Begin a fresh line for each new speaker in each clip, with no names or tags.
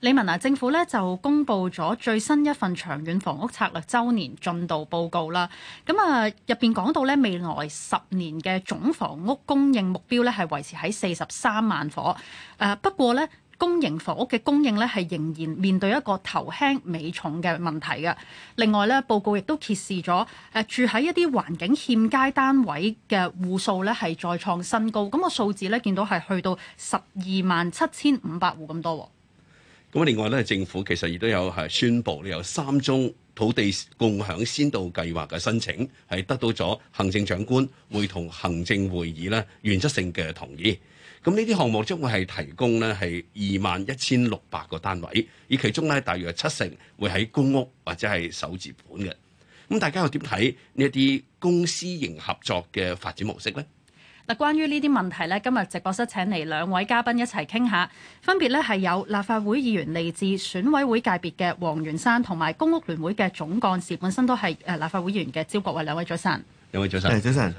李文啊，政府咧就公布咗最新一份長遠房屋策略周年進度報告啦。咁啊，入邊講到咧未來十年嘅總房屋供應目標咧係維持喺四十三萬伙。誒、啊、不過咧，公營房屋嘅供應咧係仍然面對一個頭輕尾重嘅問題嘅。另外咧，報告亦都揭示咗誒、啊、住喺一啲環境欠佳單位嘅戶數咧係再創新高。咁、那個數字咧見到係去到十二萬七千五百戶咁多。
咁另外咧，政府其實亦都有係宣布，有三宗土地共享先導計劃嘅申請係得到咗行政長官會同行政會議咧原則性嘅同意。咁呢啲項目將會係提供咧係二萬一千六百個單位，而其中咧大約七成會喺公屋或者係首置盤嘅。咁大家又點睇呢一啲公私營合作嘅發展模式呢？
嗱，關於呢啲問題咧，今日直播室請嚟兩位嘉賓一齊傾下，分別咧係有立法會議員嚟自選委會界別嘅黃元山，同埋公屋聯會嘅總幹事，本身都係誒立法會議員嘅，招國偉，兩位早晨，
兩位早晨，誒早
晨，早晨，誒、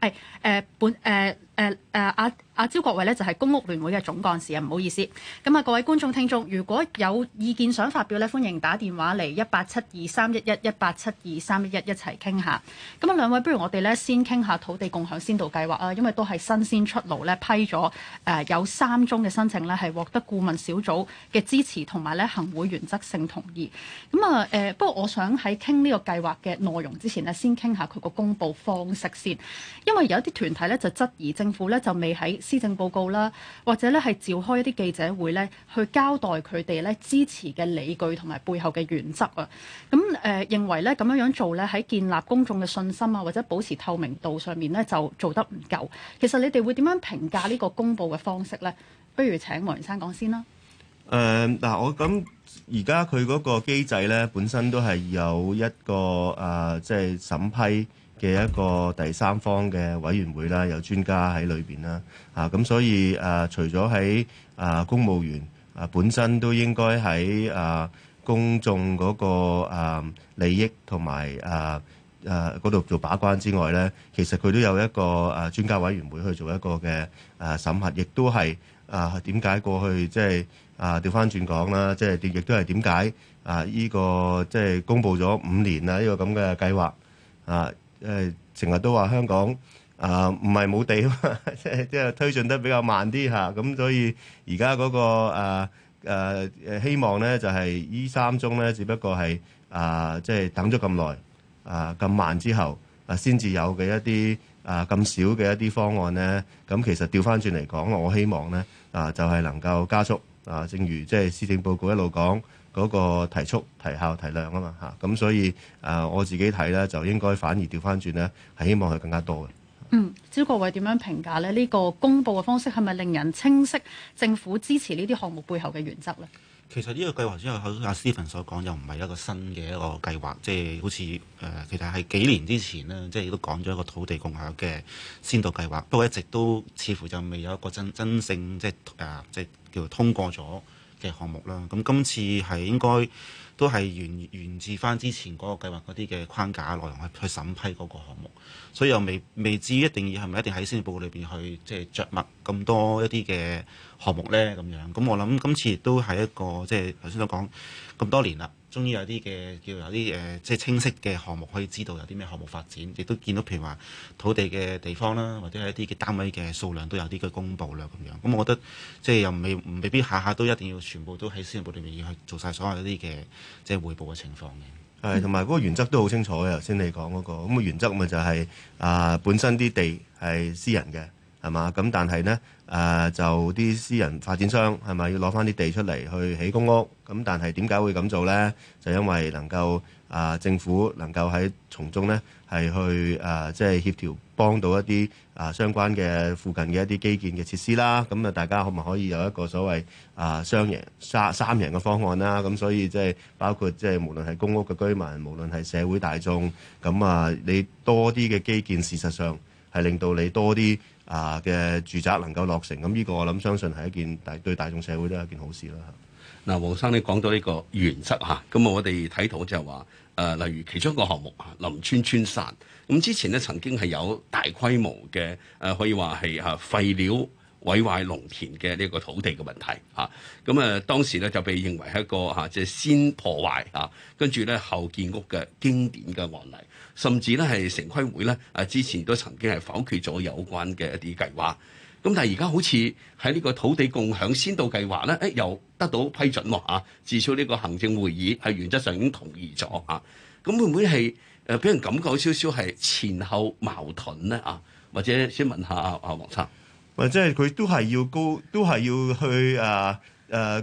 哎呃、本誒。呃誒誒，阿阿招國偉咧就係公屋聯會嘅總幹事啊，唔好意思。咁啊，各位觀眾聽眾，如果有意見想發表咧，歡迎打電話嚟一八七二三一一一八七二三一一一齊傾下。咁啊，兩位不如我哋咧先傾下土地共享先導計劃啊，因為都係新鮮出爐咧批咗誒有三宗嘅申請咧係獲得顧問小組嘅支持同埋咧行會原則性同意。咁啊誒，不過我想喺傾呢個計劃嘅內容之前呢，先傾下佢個公佈方式先，因為有啲團體咧就質疑即。政府咧就未喺施政報告啦，或者咧係召開一啲記者會咧，去交代佢哋咧支持嘅理據同埋背後嘅原則啊。咁誒、呃，認為咧咁樣樣做咧，喺建立公眾嘅信心啊，或者保持透明度上面咧，就做得唔夠。其實你哋會點樣評價呢個公布嘅方式咧？不如請黃生講先啦。
誒、呃，嗱，我咁而家佢嗰個機制咧，本身都係有一個誒、呃，即係審批。嘅一個第三方嘅委員會啦，有專家喺裏邊啦，啊咁所以誒，除咗喺啊公務員啊本身都應該喺啊公眾嗰個啊利益同埋啊誒嗰度做把關之外咧，其實佢都有一個誒專家委員會去做一個嘅誒審核，亦都係啊點解過去即係啊調翻轉講啦調返轉講，即係亦都係點解啊呢個即係公布咗五年啊呢個咁嘅計劃啊？誒成日都話香港啊，唔係冇地啊，即係即係推進得比較慢啲嚇，咁所以而家嗰個誒誒、呃呃、希望咧就係、是、依三宗咧，只不過係啊，即、呃、係、就是、等咗咁耐啊，咁、呃、慢之後啊，先、呃、至有嘅一啲啊咁少嘅一啲方案咧，咁其實調翻轉嚟講，我希望咧啊、呃，就係、是、能夠加速啊、呃，正如即係施政報告一路講。嗰個提速、提效、提量啊嘛嚇，咁所以啊，我自己睇咧，就應該反而調翻轉咧，係希望係更加多嘅。嗯，
招國偉點樣評價咧？呢、呢個公布嘅方式係咪令人清晰政府支持呢啲項目背後嘅原則咧？
其實呢個計劃先係好似阿 Stephen 所講，又唔係一個新嘅一個計劃，即係好似誒、呃，其實係幾年之前呢，即係都講咗一個土地共享嘅先導計劃，不過一直都似乎就未有一個真真正即係誒，即係、啊、叫通過咗。項目啦，咁今次係應該都係源源自翻之前嗰個計劃嗰啲嘅框架內容去去審批嗰個項目，所以又未未至於一定要係咪一定喺先報告裏邊去即係、就是、着墨咁多一啲嘅項目咧，咁樣咁，我諗今次亦都係一個即係頭先都講咁多年啦。終於有啲嘅叫有啲誒、呃，即係清晰嘅項目可以知道有啲咩項目發展，亦都見到譬如話土地嘅地方啦，或者係一啲嘅單位嘅數量都有啲嘅公佈啦咁樣。咁、嗯、我覺得即係又未未必下下都一定要全部都喺私人部裏面去做晒所有一啲嘅即係匯報嘅情況嘅。
係，同埋嗰個原則都好清楚嘅。頭先、嗯、你講嗰、那個咁嘅原則咪就係、是、啊、呃，本身啲地係私人嘅係嘛，咁但係呢。誒、啊、就啲私人發展商係咪要攞翻啲地出嚟去起公屋？咁但係點解會咁做呢？就因為能夠誒、啊、政府能夠喺從中呢係去誒即係協調幫到一啲誒、啊、相關嘅附近嘅一啲基建嘅設施啦。咁啊，大家可唔可以有一個所謂誒、啊、雙贏三三贏嘅方案啦？咁所以即係包括即係無論係公屋嘅居民，無論係社會大眾，咁啊你多啲嘅基建，事實上係令到你多啲。啊嘅住宅能夠落成，咁呢個我諗相信係一件大
對大眾社會都係一件好事啦。嗱，黃生你講到呢個原則嚇，咁啊我哋睇到就係話，誒例如其中一個項目啊，林村村山，咁之前咧曾經係有大規模嘅誒，可以話係啊廢料毀壞農田嘅呢個土地嘅問題嚇，咁誒當時咧就被認為係一個嚇即係先破壞嚇，跟住咧後建屋嘅經典嘅案例。甚至咧係城規會咧，啊之前都曾經係否決咗有關嘅一啲計劃。咁但係而家好似喺呢個土地共享先導計劃咧，誒又得到批准喎嚇。至少呢個行政會議係原則上已經同意咗嚇。咁會唔會係誒俾人感覺少少係前後矛盾咧啊？或者先問下阿黃生，
或者係佢都係要高，都係要去誒誒。啊啊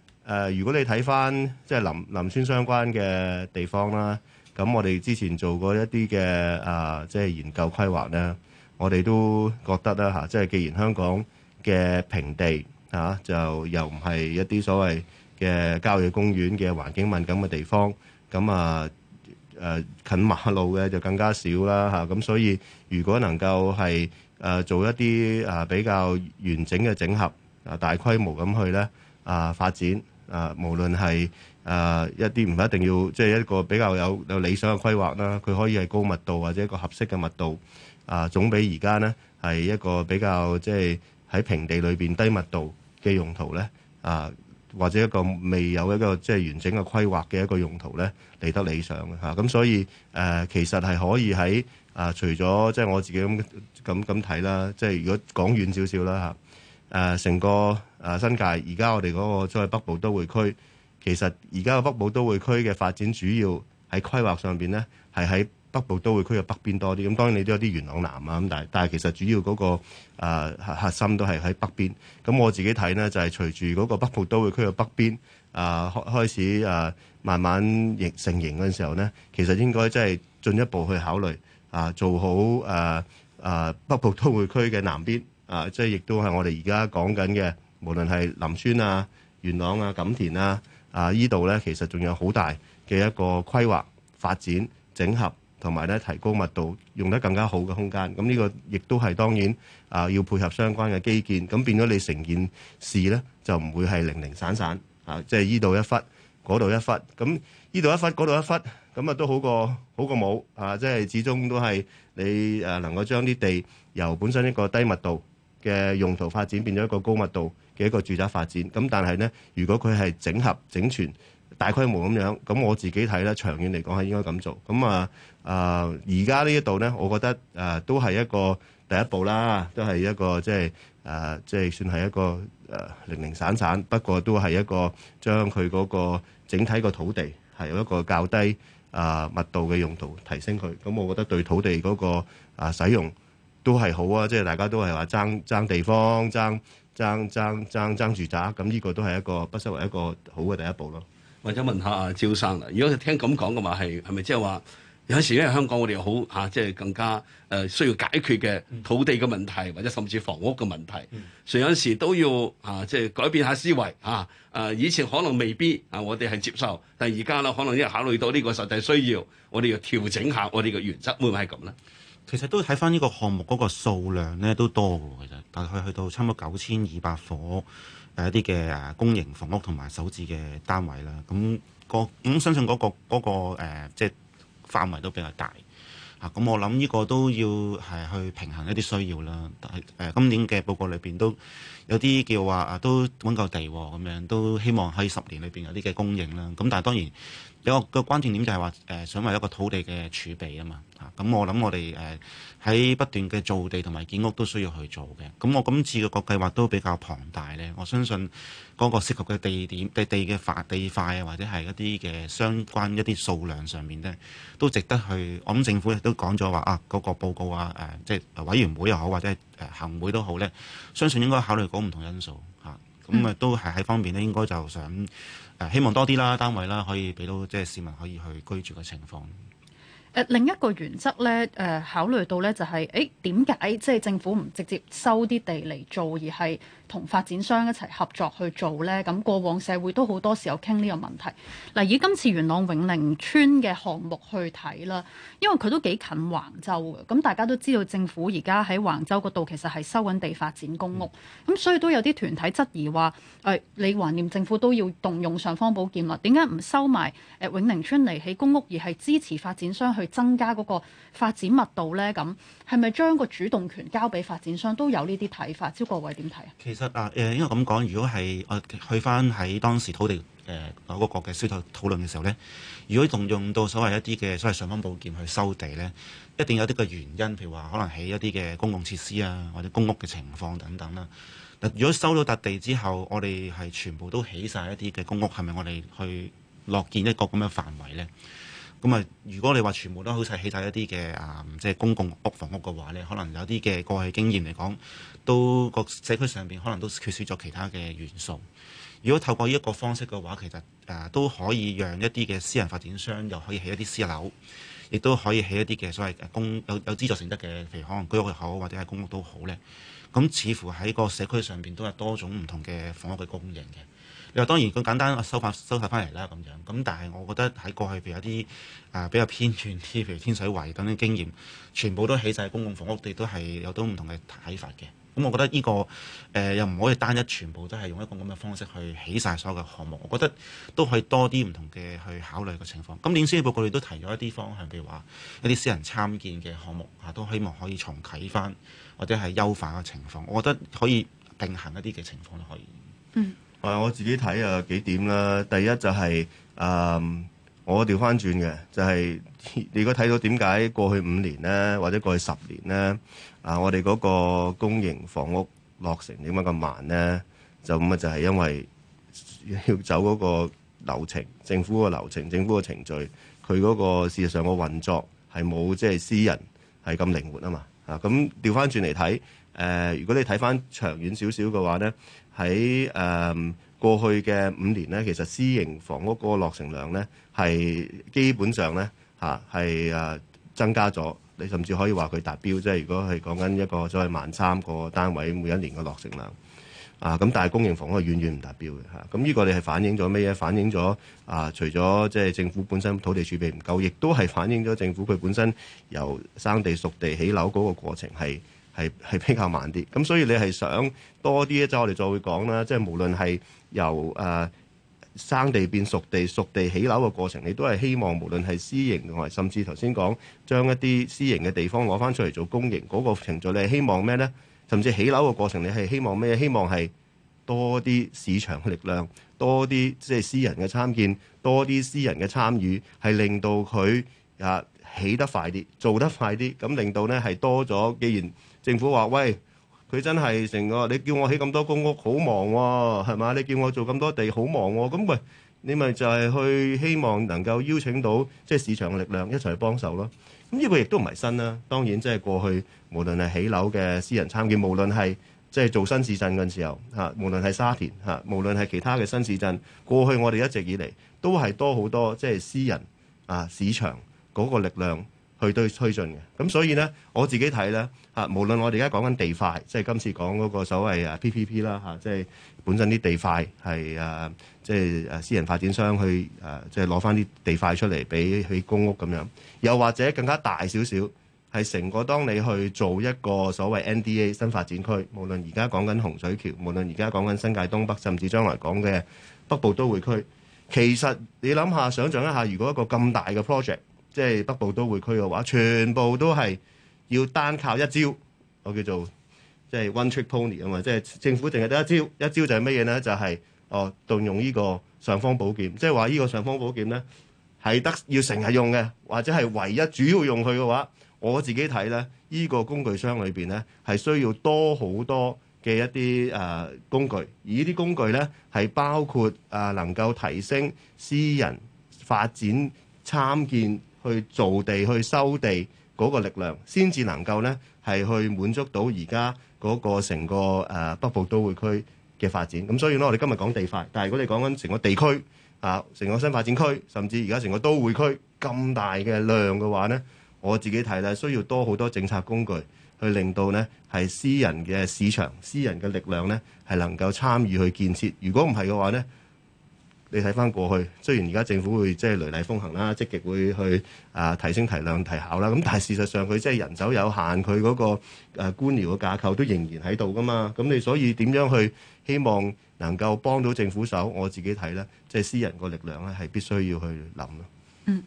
誒，如果你睇翻即係林林村相關嘅地方啦，咁我哋之前做過一啲嘅啊，即係研究規劃咧，我哋都覺得啦嚇，即係既然香港嘅平地嚇，就又唔係一啲所謂嘅郊野公園嘅環境敏感嘅地方，咁啊誒近馬路嘅就更加少啦嚇，咁所以如果能夠係誒做一啲啊比較完整嘅整合啊，大規模咁去咧啊發展。啊，無論係啊一啲唔一定要即係一個比較有有理想嘅規劃啦，佢可以係高密度或者一個合適嘅密度啊，總比而家咧係一個比較即係喺平地裏邊低密度嘅用途咧啊，或者一個未有一個即係完整嘅規劃嘅一個用途咧嚟得理想嘅嚇。咁所以誒，其實係可以喺啊，除咗即係我自己咁咁咁睇啦，即係如果講遠少少啦嚇，誒成個。啊，新界而家我哋嗰個所謂北部都會區，其實而家嘅北部都會區嘅發展主要喺規劃上邊咧，係喺北部都會區嘅北邊多啲。咁當然你都有啲元朗南啊，咁但係但係其實主要嗰、嗰個啊核心都係喺北邊。咁我自己睇呢，就係、係、隨住嗰個北部都會區嘅北邊啊開開始啊慢慢成型嗰陣時候咧，其實應該即係進一步去考慮啊做好誒誒、啊啊、北部都會區嘅南邊啊，即係亦都係我哋而家講緊嘅。無論係林村啊、元朗啊、錦田啊，啊依度咧，其實仲有好大嘅一個規劃發展整合，同埋咧提高密度，用得更加好嘅空間。咁呢個亦都係當然啊，要配合相關嘅基建。咁變咗你成件事咧，就唔會係零零散散啊，即係依度一忽，嗰度一忽，咁依度一忽，嗰度一忽，咁啊都好過好過冇啊！即係始終都係你誒能夠將啲地由本身一個低密度嘅用途發展變咗一個高密度嘅一個住宅發展，咁，但係咧，如果佢係整合整全大規模咁樣，咁我自己睇咧，長遠嚟講係應該咁做。咁啊啊，而、呃、家呢一度咧，我覺得啊、呃，都係一個第一步啦，都係一個即係啊，即係算係一個、呃、零零散散，不過都係一個將佢嗰個整體個土地係有一個較低啊、呃、密度嘅用途提升佢。咁我覺得對土地嗰、嗰個啊、呃、使用都係好啊，即係大家都係話爭爭地方爭，爭爭
爭爭住宅，咁呢個都係一個不失為一個好嘅第一步咯。或者問下阿招生啦，如果聽咁講嘅話，係係咪即係話有陣時咧，香港我哋又好嚇，即、啊、係、就是、更加誒需要解決嘅土地嘅問題，或者甚至房屋嘅問題，嗯、所以有陣時都要嚇即係改變下思維嚇。誒、啊啊、以前可能未必啊，我哋係接受，但而家咧可能因為考慮到呢個實際需要，我哋要調整下我哋嘅原則，會唔會係咁咧？其實都
睇翻呢個項目嗰個數量咧都多嘅喎，其實大概去到差唔多九千二百伙，誒、呃、一啲嘅誒公營房屋同埋首置嘅單位啦。咁、那個咁、嗯、相信嗰、那個嗰、那個呃、即係範圍都比較大啊。咁、嗯、我諗呢個都要係去平衡一啲需要啦。但係誒、呃、今年嘅報告裏邊都有啲叫話啊都揾夠地喎，咁樣都希望喺十年裏邊有啲嘅供應啦。咁、啊、但係當然。有個關鍵點就係話誒，想為一個土地嘅儲備啊嘛，嚇、啊、咁我諗我哋誒喺不斷嘅造地同埋建屋都需要去做嘅。咁、啊、我今次嘅個計劃都比較龐大咧，我相信嗰個涉及嘅地點、地地嘅塊地塊啊，或者係一啲嘅相關一啲數量上面咧，都值得去。我諗政府亦都講咗話啊，嗰、那個報告啊誒，即、呃、係、就是、委員會又好，或者係誒行會都好咧，相信應該考慮嗰唔同因素嚇。咁啊，啊、嗯嗯、都係喺方面咧，應該就想，想。希望多啲啦，單位啦，可以俾到即係市民可以去居住嘅情況。
誒、呃，另一個原則咧，誒、呃、考慮到咧就係、是，誒點解即係政府唔直接收啲地嚟做，而係？同發展商一齊合作去做呢。咁過往社會都好多時候傾呢個問題。嗱，以今次元朗永寧村嘅項目去睇啦，因為佢都幾近橫洲嘅，咁大家都知道政府而家喺橫洲嗰度其實係收緊地發展公屋，咁所以都有啲團體質疑話：誒、哎，你橫掂政府都要動用尚方寶劍啦，點解唔收埋誒永寧村嚟起公屋，而係支持發展商去增加嗰個發展密度呢？」咁係咪將個主動權交俾發展商都有呢啲睇法？招國偉點睇啊？
其實啊誒，因為咁講，如果係我去翻喺當時土地誒某、呃那個國嘅輸出討論嘅時候呢，如果仲用到所謂一啲嘅所謂尚方寶劍去收地呢，一定有啲嘅原因，譬如話可能起一啲嘅公共設施啊或者公屋嘅情況等等啦。嗱，如果收到笪地之後，我哋係全部都起晒一啲嘅公屋，係咪我哋去落建一個咁嘅範圍呢？咁啊，如果你話全部都好齊起晒一啲嘅啊，即係公共屋房屋嘅話呢，可能有啲嘅過去經驗嚟講，都個社區上邊可能都缺少咗其他嘅元素。如果透過呢一個方式嘅話，其實誒、啊、都可以讓一啲嘅私人發展商又可以起一啲私樓，亦都可以起一啲嘅所謂公有有資助性質嘅譬如可能居屋又好或者係公屋都好呢。咁似乎喺個社區上邊都有多種唔同嘅房屋嘅供應嘅。又當然，佢簡單收返收曬翻嚟啦，咁樣咁。但係，我覺得喺過去譬如有啲啊比較偏遠啲，譬如天水圍咁嘅經驗，全部都起晒公共房屋，我哋都係有到唔同嘅睇法嘅。咁我覺得呢、呢個誒、呃、又唔可以單一全部都係用一個咁嘅方式去起晒所有嘅項目。我覺得都可以多啲唔同嘅去考慮嘅情況。今年先料報告都提咗一啲方向，譬如話一啲私人參建嘅項目啊，都希望可以重啟翻或者係優化嘅情況。我覺得可以並行一啲嘅情況都可以。
誒、啊、我自己睇啊幾點啦？第一就係、是、誒、啊、我調翻轉嘅，就係、是、你如果睇到點解過去五年咧，或者過去十年咧，啊我哋嗰個公營房屋落成點解咁慢咧？就咁啊，就係因為要走嗰個流程，政府個流程，政府個程序，佢嗰個事實上個運作係冇即係私人係咁靈活啊嘛。嗱，咁調翻轉嚟睇，誒、呃，如果你睇翻長遠少少嘅話咧，喺誒、呃、過去嘅五年咧，其實私營房屋個落成量咧，係基本上咧嚇係誒增加咗，你甚至可以話佢達標，即係如果係講緊一個所謂萬三個單位每一年嘅落成量。啊，咁但係公營房屋係遠遠唔達標嘅嚇，咁呢個你係反映咗咩嘢？反映咗啊，除咗即係政府本身土地儲備唔夠，亦都係反映咗政府佢本身由生地熟地起樓嗰個過程係係係比較慢啲。咁所以你係想多啲，即係我哋再會講啦。即係無論係由誒生地變熟地、熟地起樓嘅過程，你都係希望無論係私營同埋，甚至頭先講將一啲私營嘅地方攞翻出嚟做公營嗰個程序，你係希望咩呢？甚至起樓嘅過程，你係希望咩？希望係多啲市場嘅力量，多啲即係私人嘅參建，多啲私人嘅參與，係令到佢啊起得快啲，做得快啲，咁令到呢係多咗。既然政府話：喂，佢真係成個你叫我起咁多公屋好忙喎，係嘛？你叫我做咁多地好忙喎，咁喂，你咪就係去希望能夠邀請到即係市場嘅力量一齊去幫手咯。咁呢個亦都唔係新啦，當然即係過去。無論係起樓嘅私人參建，無論係即係做新市鎮嗰陣時候，嚇，無論係沙田，嚇，無論係其他嘅新市鎮，過去我哋一直以嚟都係多好多即係私人啊市場嗰個力量去推推進嘅。咁所以呢，我自己睇呢，嚇，無論我哋而家講緊地塊，即係今次講嗰個所謂啊 PPP 啦嚇，即係本身啲地塊係啊即係誒私人發展商去誒即係攞返啲地塊出嚟俾起公屋咁樣，又或者更加大少少。係成個，當你去做一個所謂 NDA 新發展區，無論而家講緊洪水橋，無論而家講緊新界東北，甚至將來講嘅北部都會區，其實你諗下，想象一下，如果一個咁大嘅 project，即係北部都會區嘅話，全部都係要單靠一招，我叫做即係 one trick pony 啊嘛，即係政府淨係得一招，一招就係咩嘢呢？就係、是、哦，動用呢個尚方寶劍，即係話呢個尚方寶劍呢，係得要成日用嘅，或者係唯一主要用佢嘅話。我自己睇呢，呢、這個工具箱裏邊呢，係需要多好多嘅一啲誒、呃、工具，而呢啲工具呢，係包括誒、呃、能夠提升私人發展參建去造地去收地嗰個力量，先至能夠呢，係去滿足到而家嗰個成個誒、呃、北部都會區嘅發展。咁所以呢，我哋今日講地塊，但係如果你講緊成個地區啊，成、呃、個新發展區，甚至而家成個都會區咁大嘅量嘅話呢。我自己睇咧，需要多好多政策工具去令到呢，係私人嘅市場、私人嘅力量呢，係能夠參與去建設。如果唔係嘅話呢，你睇翻過去，雖然而家政府會即係雷厲風行啦，積極會去啊、呃、提升、提量、提效啦。咁但係事實上佢即係人手有限，佢嗰個誒官僚嘅架構都仍然喺度噶嘛。咁你所以點樣去希望能夠幫到政府手？我自己睇呢，即係私人個力量咧係必須要去諗咯。嗯。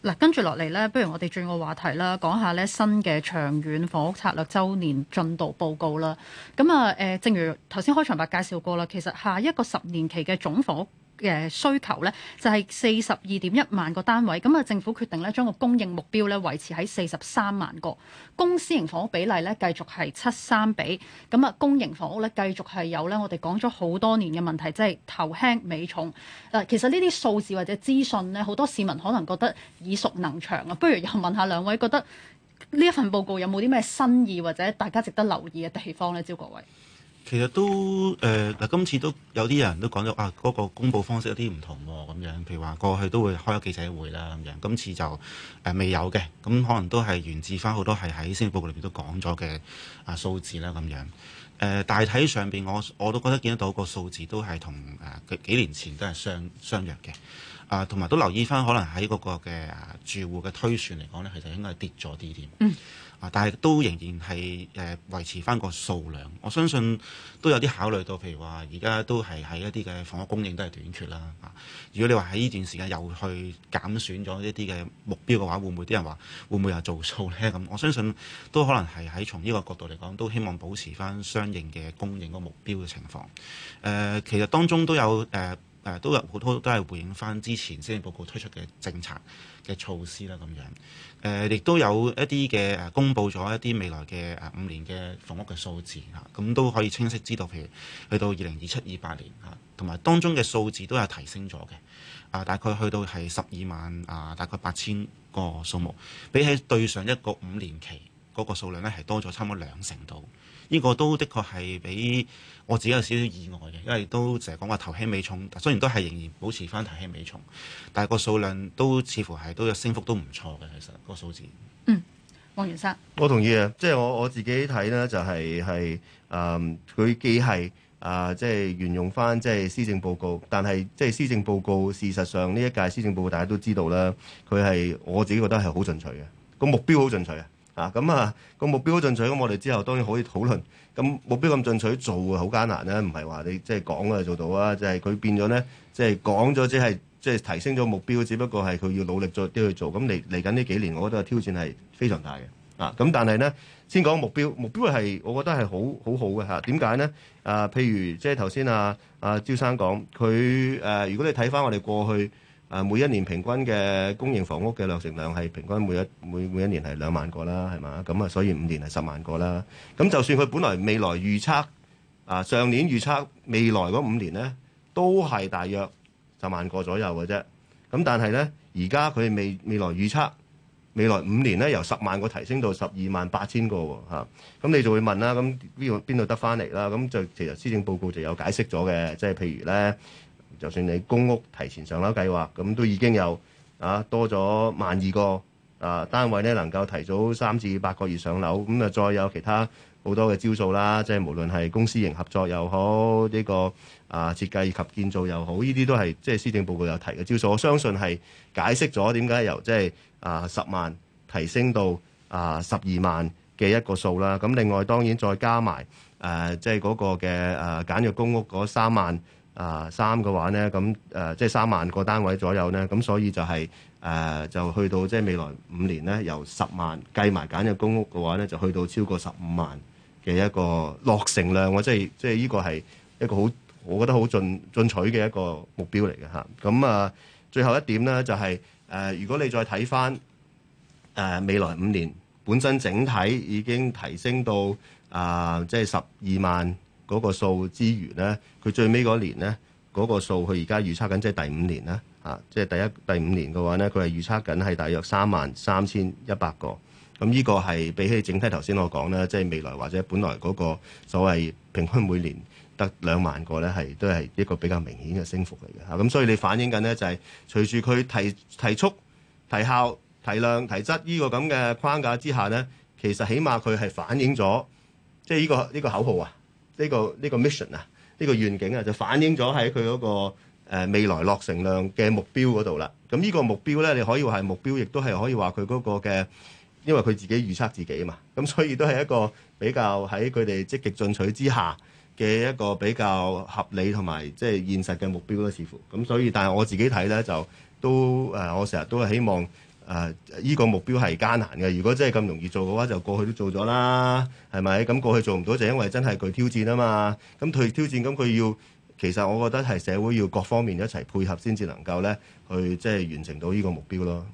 嗱，跟住落嚟咧，不如我哋轉個話題啦，講下咧新嘅長遠房屋策略週年進度報告啦。咁啊，誒，正如頭先開場白介紹過啦，其實下一個十年期嘅總房屋嘅需求咧就係四十二點一萬個單位，咁啊政府決定咧將個供應目標咧維持喺四十三萬個，公私型房屋比例咧繼續係七三比，咁啊公營房屋咧繼續係有咧我哋講咗好多年嘅問題，即係頭輕尾重。嗱，其實呢啲數字或者資訊咧，好多市民可能覺得耳熟能詳啊。不如又問下兩位，覺得呢一份報告有冇啲咩新意或者大家值得留意嘅地方咧？招國偉。
其實都誒嗱、呃，今次都有啲人都講咗啊，嗰、那個公佈方式有啲唔同喎，咁樣，譬如話過去都會開咗記者會啦，咁樣，今次就誒、呃、未有嘅，咁可能都係源自翻好多係喺施政報告裏邊都講咗嘅啊數字啦，咁樣誒大體上邊我我都覺得見得到個數字都係同佢幾年前都係相相若嘅，啊，同埋都留意翻，可能喺嗰個嘅啊住戶嘅推算嚟講咧，其實應該係跌咗啲添。嗯但係都仍然係誒維持翻個數量，我相信都有啲考慮到，譬如話而家都係喺一啲嘅房屋供應都係短缺啦。啊！如果你話喺呢段時間又去減損咗一啲嘅目標嘅話，會唔會啲人話會唔會又做數呢？咁我相信都可能係喺從呢個角度嚟講，都希望保持翻相應嘅供應嗰個目標嘅情況。誒、呃，其實當中都有誒誒、呃、都有好多都係回應翻之前先至報告推出嘅政策嘅措施啦，咁樣。誒亦都有一啲嘅誒公佈咗一啲未來嘅誒五年嘅房屋嘅數字嚇，咁、啊、都可以清晰知道，譬如去到二零二七、二八年嚇，同、啊、埋當中嘅數字都有提升咗嘅，啊大概去到係十二萬啊，大概八千個數目，比起對上一個五年期嗰、那個數量咧係多咗差唔多兩成度。呢個都的確係俾我自己有少少意外嘅，因為都成日講話頭輕尾重，雖然都係仍然保持翻頭輕尾重，但係個數量
都似乎係都有升幅都唔錯嘅，其實個數字。嗯，黃
元山，
我同意啊，即係我我自己睇呢，就係係誒，佢、嗯、既係啊，即係沿用翻即係施政報告，但係即係施政報告事實上呢一屆施政報告大家都知道啦，佢係我自己覺得係好進取嘅，個目標好進取啊！啊，咁啊個目標進取，咁我哋之後當然可以討論。咁目標咁進取做會好艱難咧，唔係話你即係講啊做到啊，就係佢變咗咧，即係講咗即係即係提升咗目標，只不過係佢要努力再啲去做。咁嚟嚟緊呢幾年，我覺得挑戰係非常大嘅。啊，咁但係咧，先講目標，目標係我覺得係好好好嘅嚇。點解咧？啊，譬如即係頭先阿啊招生講，佢誒，如果你睇翻我哋過去。啊，每一年平均嘅供應房屋嘅量成量係平均每一每每一年係兩萬個啦，係嘛？咁啊，所以五年係十萬個啦。咁就算佢本來未來預測啊，上年預測未來嗰五年咧，都係大約十萬個左右嘅啫。咁但係咧，而家佢未未來預測未來五年咧，由十萬個提升到十二萬八千個喎嚇。咁、啊、你就會問啦，咁邊度邊度得翻嚟啦？咁就其實施政報告就有解釋咗嘅，即係譬如咧。就算你公屋提前上樓計劃，咁都已經有啊多咗萬二個啊單位咧，能夠提早三至八個月上樓。咁、嗯、啊，再有其他好多嘅招數啦，即係無論係公司型合作又好，呢、這個啊設計及建造又好，呢啲都係即係施政報告有提嘅招數。我相信係解釋咗點解由即係啊十萬提升到啊十二萬嘅一個數啦。咁、嗯、另外當然再加埋誒、啊，即係嗰個嘅誒、啊、簡約公屋嗰三萬。啊三嘅話咧，咁誒、呃、即係三萬個單位左右咧，咁所以就係、是、誒、呃、就去到即係未來五年咧，由十萬計埋簡約公屋嘅話咧，就去到超過十五萬嘅一個落成量，我、哦、即係即係呢個係一個好我覺得好進進取嘅一個目標嚟嘅嚇。咁啊最後一點咧，就係、是、誒、呃、如果你再睇返誒未來五年本身整體已經提升到啊、呃、即係十二萬。嗰個數之餘呢，佢最尾嗰年呢，嗰個數佢而家預測緊，即係第五年啦，啊，即係第一第五年嘅話呢，佢係預測緊係大約三萬三千一百個。咁呢個係比起整體頭先我講啦，即係未來或者本來嗰個所謂平均每年得兩萬個呢，係都係一個比較明顯嘅升幅嚟嘅嚇。咁所以你反映緊呢，就係隨住佢提提速、提效、提量、提質呢個咁嘅框架之下呢，其實起碼佢係反映咗，即係呢個呢個口號啊！呢、這個呢、這個 mission 啊，呢個願景啊，就反映咗喺佢嗰個、呃、未來落成量嘅目標嗰度啦。咁、嗯、呢、這個目標呢，你可以話係目標，亦都係可以話佢嗰個嘅，因為佢自己預測自己啊嘛。咁、嗯、所以都係一個比較喺佢哋積極進取之下嘅一個比較合理同埋即係現實嘅目標咯，似乎。咁、嗯、所以，但係我自己睇呢，就都誒、呃，我成日都係希望。誒，依個目標係艱難嘅，如果真係咁容易做嘅話，就過去都做咗啦，係咪？咁過去做唔到，就因為真係佢挑戰啊嘛。咁佢挑戰，咁佢要其實我覺得係社會要各方面一齊配合先至能夠咧，去即係完成到依個目標咯。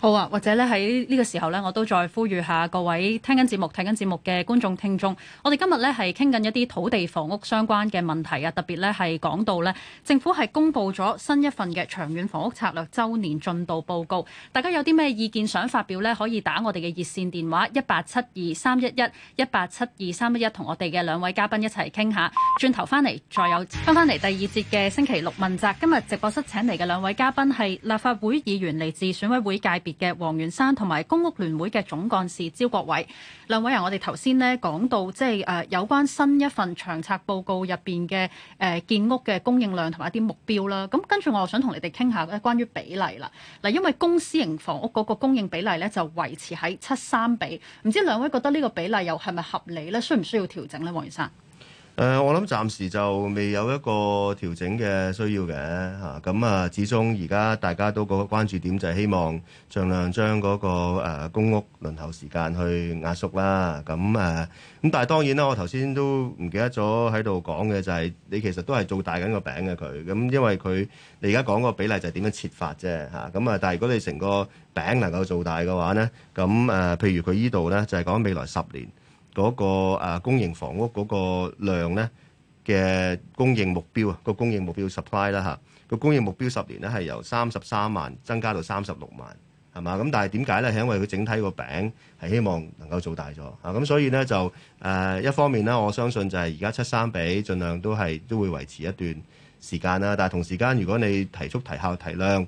好啊，或者咧喺呢個時候呢，我都再呼籲下各位聽緊節目、睇緊節目嘅觀眾聽眾。我哋今日呢係傾緊一啲土地房屋相關嘅問題啊，特別呢係講到呢政府係公布咗新一份嘅長遠房屋策略周年進度報告。大家有啲咩意見想發表呢？可以打我哋嘅熱線電話一八七二三一一一八七二三一一，同我哋嘅兩位嘉賓一齊傾下。轉頭翻嚟，再有翻翻嚟第二節嘅星期六問責。今日直播室請嚟嘅兩位嘉賓係立法會議員、嚟自選委會界嘅黃元山同埋公屋聯會嘅總幹事招國偉兩位啊，我哋頭先咧講到即係誒有關新一份長策報告入邊嘅誒建屋嘅供應量同埋一啲目標啦。咁跟住我又想同你哋傾下咧，關於比例啦。嗱，因為公私型房屋嗰個供應比例咧就維持喺七三比，唔知兩位覺得呢個比例又係咪合理咧？需唔需要調整咧？黃元山。
誒，我諗暫時就未有一個調整嘅需要嘅嚇，咁啊，始終而家大家都個關注點就係希望盡量將嗰個誒公屋輪候時間去壓縮啦，咁啊，咁但係當然啦，我頭先都唔記得咗喺度講嘅就係你其實都係做大緊個餅嘅佢，咁因為佢你而家講個比例就係點樣切法啫嚇，咁啊，但係如果你成個餅能夠做大嘅話咧，咁誒，譬如佢呢度咧就係講未來十年。嗰個誒公營房屋嗰個量咧嘅供應目標啊，個供應目標 supply 啦嚇，個供應目標十年咧係由三十三萬增加到三十六萬係嘛？咁，但係點解咧？係因為佢整體個餅係希望能夠做大咗啊，咁所以咧就誒一方面咧，我相信就係而家七三比，儘量都係都會維持一段時間啦。但係同時間，如果你提速、提效、提量，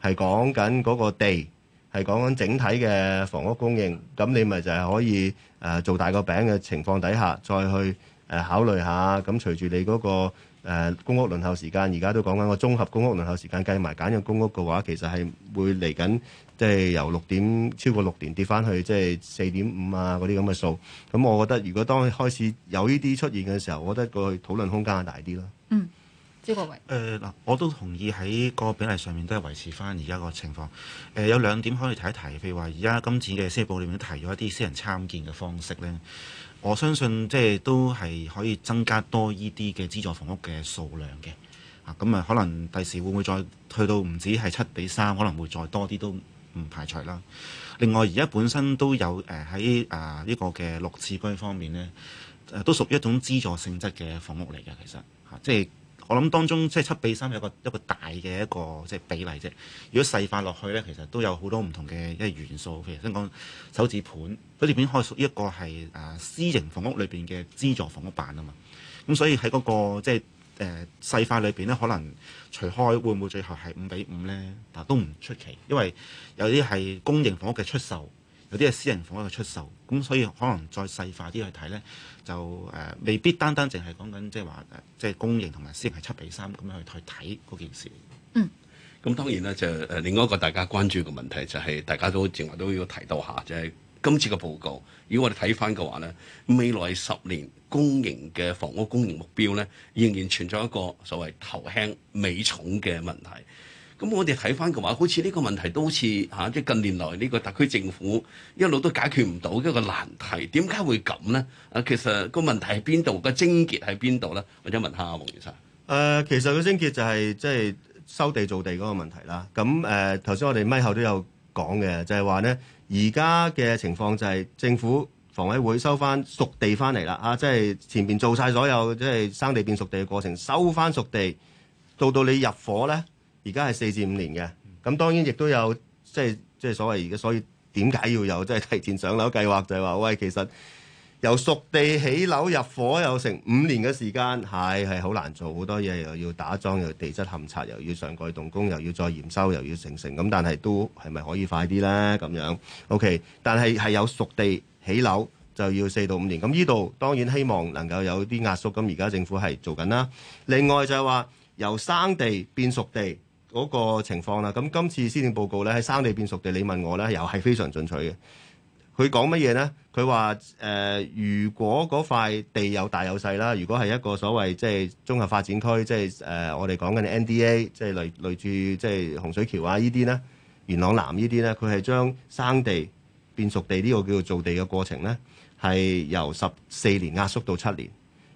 係講緊嗰個地係講緊整體嘅房屋供應，咁你咪就係可以。誒、呃、做大個餅嘅情況底下，再去誒、呃、考慮下咁，隨、嗯、住你嗰個、呃、公屋輪候時間，而家都講緊個綜合公屋輪候時間計埋簡約公屋嘅話，其實係會嚟緊，即係由六點超過六年跌翻去即係四點五啊嗰啲咁嘅數。咁我覺得，如果當佢開始有呢啲出現嘅時候，我覺得個討論空間大啲囉。嗯。嗯。
張嗱、呃，我都同意喺個比例上面都係維持翻而家個情況。誒、呃、有兩點可以提一提，譬如話而家今次嘅施政報告裏面都提咗一啲私人參建嘅方式咧，我相信即係都係可以增加多呢啲嘅資助房屋嘅數量嘅。啊，咁啊，可能第時會唔會再去到唔止係七比三，可能會再多啲都唔排除啦。另外，而家本身都有誒喺啊一、啊這個嘅綠置居方面咧，誒、啊、都屬於一種資助性質嘅房屋嚟嘅，其實嚇、啊，即係。我諗當中即係七比三有一個一個大嘅一個,一個即係比例啫。如果細化落去呢，其實都有好多唔同嘅一元素。譬如想講，首置盤、首置盤可能屬於一個係誒私營房屋裏邊嘅資助房屋版啊嘛。咁所以喺嗰、嗰個即係誒細化裏邊呢，可能除開會唔會最後係五比五呢？但都唔出奇，因為有啲係公營房屋嘅出售。有啲係私人房喺度出售，咁所以可能再細化啲去睇咧，就誒未必單單淨係講緊即係話，即係公營同埋私營係七比三咁樣去去睇嗰件事。嗯，
咁當然啦，就誒另外一個大家關注嘅問題就係、是、大家都正話都要提到下，就係、是、今次嘅報告，如果我哋睇翻嘅話咧，未來十年公營嘅房屋供應目標咧，仍然存在一個所謂頭輕尾重嘅問題。咁我哋睇翻嘅話，好似呢個問題都好似嚇，即、啊、係近年來呢個特區政府一路都解決唔到一個難題。點解會咁呢？啊，其實個問題係邊度？個症結係邊度呢？或者問下黃先生。
誒、呃，其實個症結就係即係收地做地嗰個問題啦。咁誒，頭、呃、先我哋咪後都有講嘅，就係、是、話呢而家嘅情況就係政府房委會收翻熟地翻嚟啦。啊，即、就、係、是、前邊做晒所有，即、就、係、是、生地變熟地嘅過程，收翻熟地，到到你入伙呢。而家係四至五年嘅，咁當然亦都有即係即係所謂而家，所以點解要有即係提前上樓計劃就，就係話：「喂，其實由熟地起樓入伙，有成五年嘅時間，係係好難做好多嘢，又要打樁，又要地質勘測，又要上蓋動工，又要再驗收，又要成成咁，但係都係咪可以快啲呢？」咁樣 OK，但係係有熟地起樓就要四到五年，咁呢度當然希望能夠有啲壓縮。咁而家政府係做緊啦。另外就係話由生地變熟地。嗰個情況啦，咁今次施政報告咧喺生地變熟地，你問我咧又係非常進取嘅。佢講乜嘢呢？佢話誒，如果嗰塊地有大有細啦，如果係一個所謂即係綜合發展區，即係誒、呃、我哋講緊嘅 NDA，即係類類似即係洪水橋啊呢啲呢，元朗南呢啲呢，佢係將生地變熟地呢個叫做造地嘅過程呢，係由十四年壓縮到七年。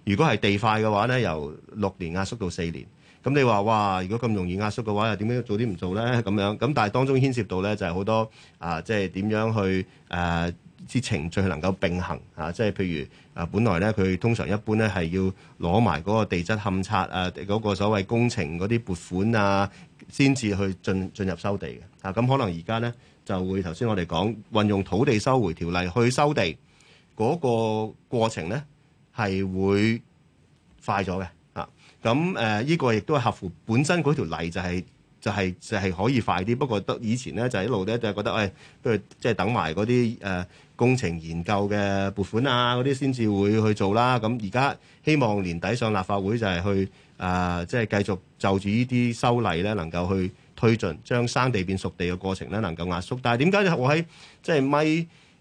如果係地塊嘅話呢，由六年壓縮到四年。咁你話哇！如果咁容易壓縮嘅話，又點樣做啲唔做咧？咁樣咁，但係當中牽涉到咧，就係好多啊，即係點樣去誒，啲程序能夠並行啊！即係譬如啊，本來咧佢通常一般咧係要攞埋嗰個地質勘測啊，嗰個所謂工程嗰啲撥款啊，先至去進進入收地嘅啊。咁可能而家咧就會頭先我哋講，運用土地收回條例去收地嗰個過程咧，係會快咗嘅。咁誒，依個亦都係合乎本身嗰條例，就係就係就係可以快啲。不過得以前咧就一路咧就係覺得誒，譬如即係等埋嗰啲誒工程研究嘅撥款啊，嗰啲先至會去做啦。咁而家希望年底上立法會就係去誒，即係繼續就住呢啲修例咧，能夠去推進，將生地變熟地嘅過程咧能夠壓縮。但係點解我喺即係咪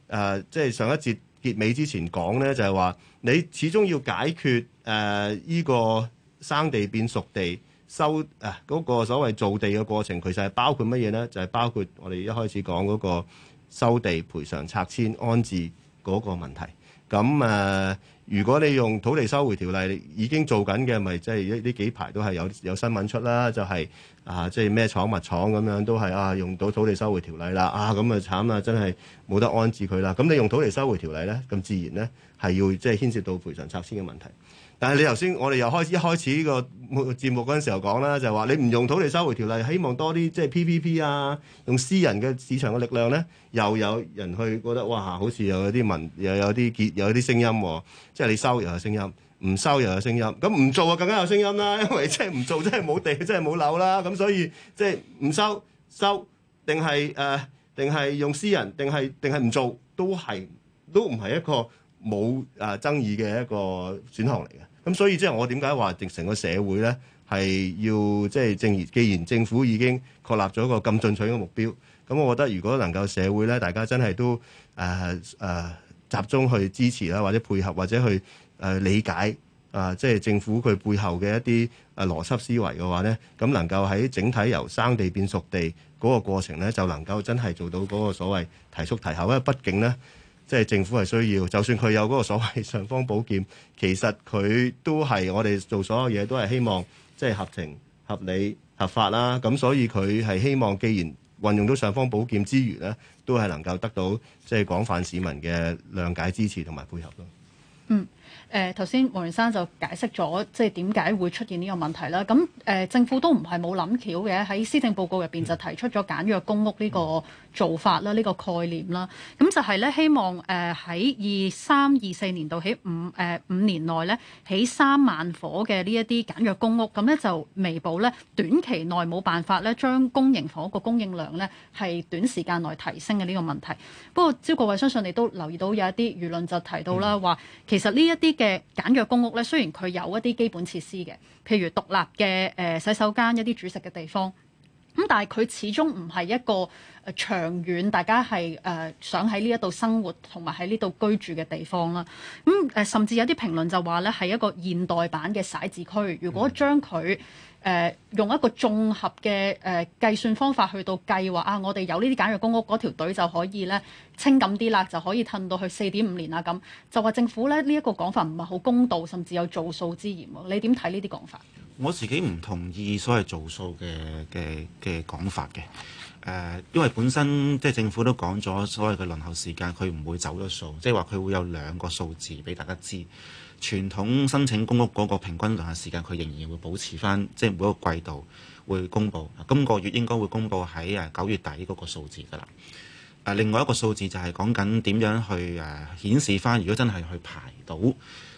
誒？即係上一節結尾之前講咧，就係話你始終要解決誒依個。生地變熟地，收啊嗰個所謂造地嘅過程，其實係包括乜嘢呢？就係包括我哋一開始講嗰個收地賠償、拆遷、安置嗰個問題。咁誒，如果你用土地收回條例已經做緊嘅，咪即係呢幾排都係有有新聞出啦，就係啊，即係咩廠物廠咁樣都係啊，用到土地收回條例啦啊，咁啊慘啊，真係冇得安置佢啦。咁你用土地收回條例呢，咁自然呢係要即係牽涉到賠償拆遷嘅問題。但係你頭先，我哋又開始一開始呢個節目嗰陣時候講啦，就係話你唔用土地收回條例，希望多啲即係 PPP 啊，用私人嘅市場嘅力量咧，又有人去覺得哇，好似又有啲文又有啲結，有啲聲音，即係你收又有聲音，唔收又有聲音，咁唔做啊更加有聲音啦，因為即係唔做真係冇地，真係冇樓啦，咁所以即係唔收收定係誒，定係用私人，定係定係唔做，都係都唔係一個，冇誒爭議嘅一個選項嚟嘅，咁所以即係、就是、我點解話成個社會呢？係要即係政，既然政府已經確立咗一個咁進取嘅目標，咁我覺得如果能夠社會呢，大家真係都誒誒、呃呃、集中去支持啦，或者配合或者去誒、呃、理解啊，即、呃、係、就是、政府佢背後嘅一啲誒邏輯思維嘅話呢，咁能夠喺整體由生地變熟地嗰個過程呢，就能夠真係做到嗰個所謂提速提效，因為畢竟呢。即係政府係需要，就算佢有嗰個所謂尚方寶劍，其實佢都係我哋做所有嘢都係希望即係合情合理合法啦。咁所以佢係希望，既然運用到尚方寶劍之餘呢，都係能夠得到即係廣泛市民嘅諒解、支持同埋配合咯。嗯，
誒、呃、頭先黃元山就解釋咗即係點解會出現呢個問題啦。咁誒、呃、政府都唔係冇諗橋嘅，喺施政報告入邊就提出咗簡約公屋呢個、嗯。做法啦，呢、這個概念啦，咁、嗯、就係咧，希望誒喺二三二四年度，起五誒五年內咧，起三萬伙嘅呢一啲簡約公屋，咁咧就彌補咧短期內冇辦法咧，將公營房屋個供應量咧係短時間內提升嘅呢個問題。不過招國偉相信你都留意到有一啲輿論就提到啦，話、嗯、其實呢一啲嘅簡約公屋咧，雖然佢有一啲基本設施嘅，譬如獨立嘅誒、呃、洗手間一啲煮食嘅地方。咁但係佢始終唔係一個誒長遠，大家係誒、呃、想喺呢一度生活同埋喺呢度居住嘅地方啦。咁、嗯、誒、呃、甚至有啲評論就話呢係一個現代版嘅徙置區。如果將佢誒用一個綜合嘅誒計算方法去到計話啊，我哋有呢啲簡約公屋嗰條隊就可以咧清減啲啦，就可以褪到去四點五年啊咁。就話政府咧呢一，呢個講法唔係好公道，甚至有造數之嫌。你點睇呢啲講法？
我
自己唔同意所謂造數嘅嘅嘅講法嘅，誒、呃，因為本身即係政府都講咗所謂嘅輪候時間，佢唔會走咗數，即係話佢會有兩個數字俾大家知。傳統申請公屋嗰個平均輪候時間，佢仍然會保持翻，即係每一個季度會公布。今個月應該會公布喺啊九月底嗰個數字㗎啦。誒、呃，另外一個數字就係講緊點樣去誒、呃、顯示翻，如果真係去排到，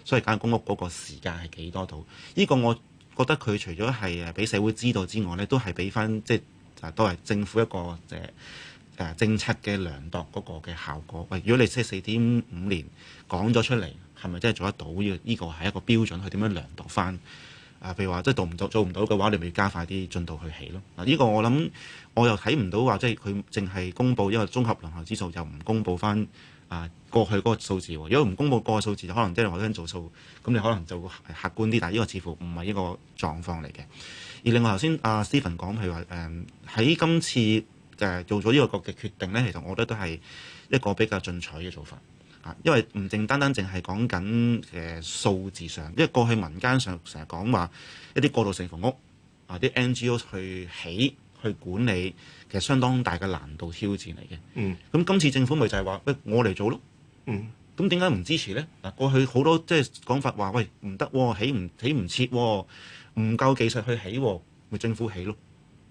所以間公屋嗰個時間係幾多度。呢、這個我。覺得佢除咗係誒俾社會知道之外呢，都係俾翻，即係都係政府一個誒誒政策嘅量度嗰個嘅效果。喂，如果你即係四點五年講咗出嚟，係咪真係做得到？呢個依個係一個標準，去點樣量度翻啊？譬如話即係做唔到做唔到嘅話，你咪加快啲進度去起咯。嗱，依個我諗我又睇唔到話，即係佢淨係公布一個綜合輪候指數，就唔公布翻。啊，過去嗰個數字喎，如果唔公佈過去數字，就可能即係我想做數，咁你可能就會客觀啲，但係依個似乎唔係依個狀況嚟嘅。而另外頭先阿 Stephen 講係話誒，喺、嗯、今次誒、呃、做咗依個嘅決定呢，其實我覺得都係一個比較進取嘅做法啊，因為唔淨單單淨係講緊誒數字上，因為過去民間上成日講話一啲過渡性房屋啊，啲 NGO 去起去管理。其實相當大嘅難度挑戰嚟嘅，咁、嗯、今次政府咪就係話、嗯，喂，我嚟做咯，咁點解唔支持咧？嗱、哦，過去好多即係講法話，喂，唔得起唔起唔切，唔夠技術去起、哦，咪政府起咯。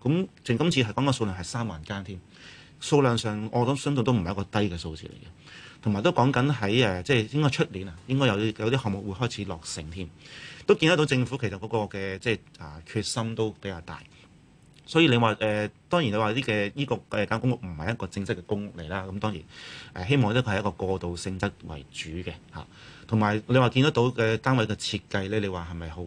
咁、嗯、淨今次係講嘅數量係三萬間添，數量上我諗相對都唔係一個低嘅數字嚟嘅，同埋都講緊喺誒，即、就、係、是、應該出年啊，應該有有啲項目會開始落成添，都見得到政府其實嗰個嘅即係啊決心都比較大。所以你話誒、呃、當然你話呢嘅依個誒間公屋唔係一個正式嘅公屋嚟啦，咁、嗯、當然誒、呃、希望呢佢係一個過渡性質為主嘅嚇。同、啊、埋你話見得到嘅單位嘅設計呢，你話係咪好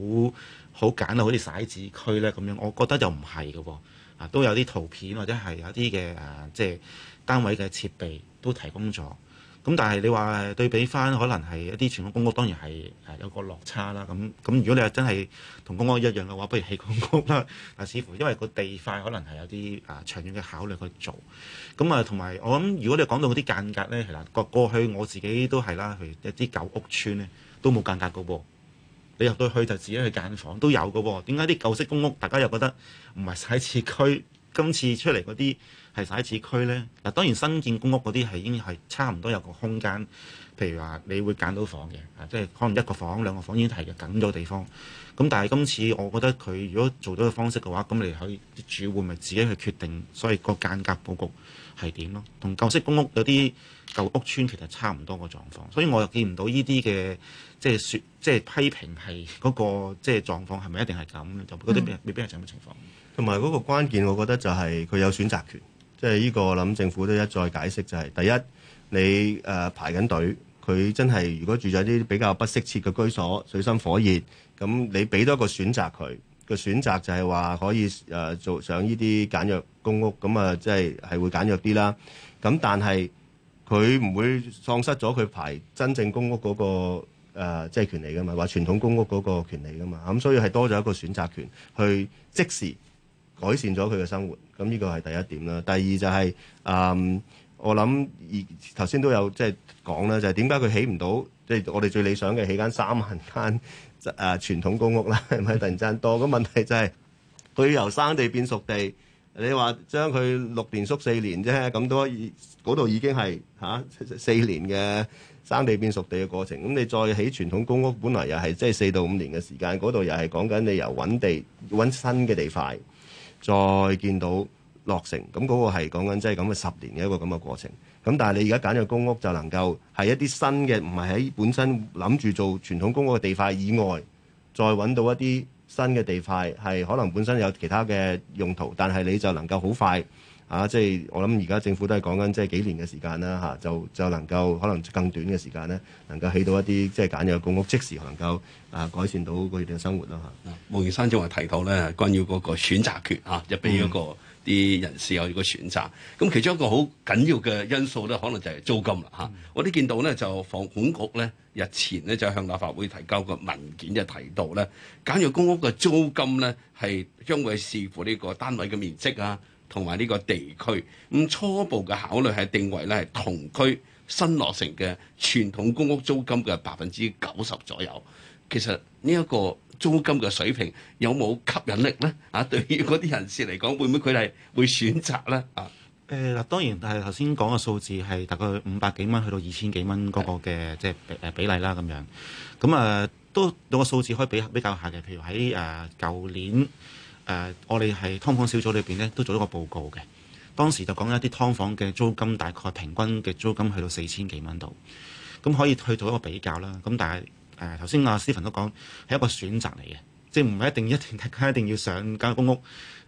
好簡到好似骰子區呢？咁樣？我覺得又唔係嘅喎，啊都有啲圖片或者係有啲嘅誒即係單位嘅設備都提供咗。咁但係你話對比翻，可能係一啲傳統公屋，當然係係有一個落差啦。咁咁，如果你話真係同公屋一樣嘅話，不如起公屋啦。啊，似乎因為個地塊可能係有啲啊長遠嘅考慮去做。咁啊，同埋我諗，如果你講到嗰啲間隔呢，其實過過去我自己都係啦，譬如一啲舊屋邨呢都冇間隔嘅噃。你入到去就自己去間房都有嘅喎。點解啲舊式公屋大家又覺得唔係喺市區今次出嚟嗰啲？係曬啲市區咧，嗱當然新建公屋嗰啲係已經係差唔多有個空間，譬如話你會揀到房嘅，啊即係可能一個房兩個房已經係緊咗地方。咁但係今次我覺得佢如果做咗個方式嘅話，咁你可以住戶咪自己去決定，所以個間隔佈局係點咯。同舊式公屋有啲舊屋邨其實差唔多個狀況，所以我又見唔到呢啲嘅即係説即係批評係嗰個即係狀況係咪一定係咁咧？就啲未必係咁嘅情況。
同埋嗰個關鍵，我覺得就係佢有選擇權。即係、這、呢個我諗，政府都一再解釋就係、是：第一，你誒、呃、排緊隊，佢真係如果住咗啲比較不適切嘅居所，水深火熱，咁你俾多個選擇佢。個選擇就係話可以誒、呃、做上呢啲簡約公屋，咁啊即係係會簡約啲啦。咁但係佢唔會喪失咗佢排真正公屋嗰、那個即係、呃就是、權利㗎嘛，話傳統公屋嗰個權利㗎嘛。咁所以係多咗一個選擇權去即時。改善咗佢嘅生活，咁呢個係第一點啦。第二就係、是，嗯，我諗而頭先都有即係講啦，就係點解佢起唔到，即、就、係、是就是、我哋最理想嘅起間三萬間啊傳統公屋啦，係咪？突然間多。咁問題就係、是、佢由生地變熟地，你話將佢六年縮四年啫，咁都嗰度已經係嚇、啊、四年嘅生地變熟地嘅過程。咁你再起傳統公屋，本來又係即係四到五年嘅時間，嗰度又係講緊你由搵地搵新嘅地塊。再見到落成，咁、那、嗰個係講緊即係咁嘅十年嘅一個咁嘅過程。咁但係你而家揀嘅公屋就能夠係一啲新嘅，唔係喺本身諗住做傳統公屋嘅地塊以外，再揾到一啲新嘅地塊，係可能本身有其他嘅用途，但係你就能夠好快。啊，即係我諗，而家政府都係講緊，即係幾年嘅時間啦，嚇、啊、就就能夠可能更短嘅時間咧，能夠起到一
啲即係簡約公屋，即時能夠啊改善到佢哋嘅生活咯嚇、啊啊。黃元山仲話提到咧，關於嗰個選擇權嚇，入邊有個啲、嗯、人士有個選擇。咁其中一個好緊要嘅因素咧，可能就係租金啦嚇。啊嗯、我哋見到咧，就房管局咧日前咧就向立法會提交個文件就提到咧，簡約公屋嘅租金咧係將會視乎呢個單位嘅面積啊。同埋呢個地區，咁初步嘅考慮係定為咧係同區新落成嘅傳統公屋租金嘅百分之九十左右。其實呢一個租金嘅水平有冇吸引力咧？啊，對於嗰啲人士嚟講，會唔會佢係會選擇咧？啊，
誒嗱，當然但係頭先講嘅數字係大概五百幾蚊去到二千幾蚊嗰個嘅即係誒比例啦咁樣。咁啊，呃，都兩個數字可以比較比較下嘅，譬如喺誒舊年。誒，uh, 我哋係劏房小組裏邊咧，都做咗個報告嘅。當時就講一啲㓥房嘅租金，大概平均嘅租金去到四千幾蚊度。咁可以去做一個比較啦。咁但係誒，頭先阿 Stephen 都講係一個選擇嚟嘅，即係唔係一定一定大家一定要上間公屋。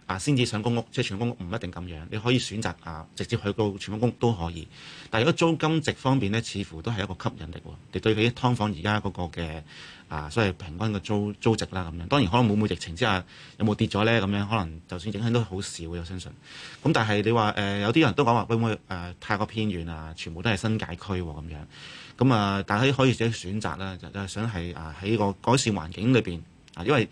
啊，先至上公屋，即係全公屋唔一定咁樣，你可以選擇啊，直接去到全公屋都可以。但係如果租金值方面呢，似乎都係一個吸引力喎、啊。你對比起劏房而家嗰個嘅啊，所謂平均嘅租租值啦咁樣。當然可能會唔會疫情之下有冇跌咗呢咁樣？可能就算影響都好少嘅，我相信。咁、嗯、但係你話誒、呃，有啲人都講話會唔會誒、呃、太過偏遠啊？全部都係新界區喎咁、啊、樣。咁、嗯、啊，但係可以自己選擇啦、啊，就係、是、想係啊喺個改善環境裏邊啊，啊，因為。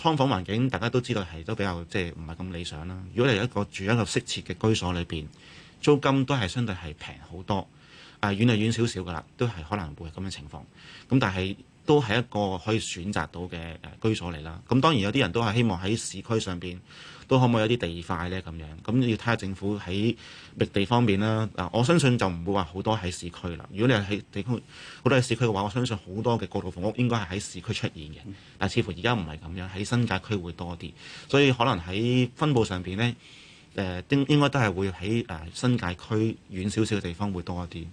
劏房環境大家都知道係都比較即係唔係咁理想啦。如果係一個住一個適切嘅居所裏邊，租金都係相對係平好多，啊、呃、遠係遠少少噶啦，都係可能會係咁嘅情況。咁但係都係一個可以選擇到嘅誒居所嚟啦。咁當然有啲人都係希望喺市區上邊。都可唔可以有啲地塊呢？咁樣？咁要睇下政府喺覓地方面啦。嗱，我相信就唔會話好多喺市區啦。如果你係喺地區，好多喺市區嘅話，我相信好多嘅過渡房屋應該係喺市區出現嘅。但似乎而家唔係咁樣，喺新界區會多啲。所以可能喺分佈上邊呢，誒、呃、應該都係會喺誒新界區遠少少嘅地方會多啲。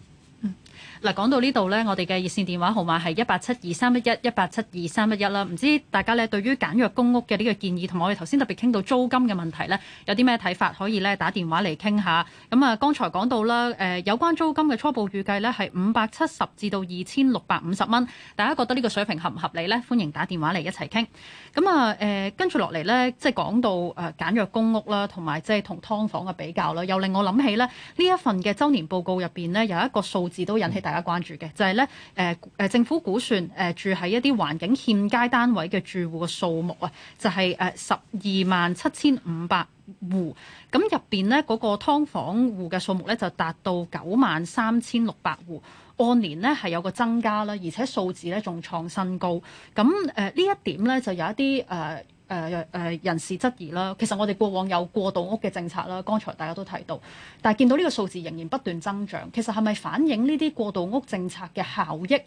嗱，講到呢度咧，我哋嘅熱線電話號碼係一八七二三一一一八七二三一一啦。唔知大家咧對於簡約公屋嘅呢個建議，同埋我哋頭先特別傾到租金嘅問題咧，有啲咩睇法，可以咧打電話嚟傾下。咁啊，剛才講到啦，誒有關租金嘅初步預計咧係五百七十至到二千六百五十蚊，大家覺得呢個水平合唔合理呢？歡迎打電話嚟一齊傾。咁啊，誒跟住落嚟咧，即係講到誒簡約公屋啦，同埋即係同劏房嘅比較啦，又令我諗起呢，呢一份嘅周年報告入邊咧有一個數字都引起大大家關注嘅就係、是、咧，誒、呃、誒政府估算誒、呃、住喺一啲環境欠佳單位嘅住戶嘅數目啊，就係誒十二萬七千五百戶，咁入邊咧嗰個劏房戶嘅數目咧就達到九萬三千六百戶，按年咧係有個增加啦，而且數字咧仲創新高，咁誒呢一點咧就有一啲誒。呃誒誒、呃呃，人士質疑啦。其實我哋過往有過渡屋嘅政策啦，剛才大家都提到，但係見到呢個數字仍然不斷增長，其實係咪反映呢啲過渡屋政策嘅效益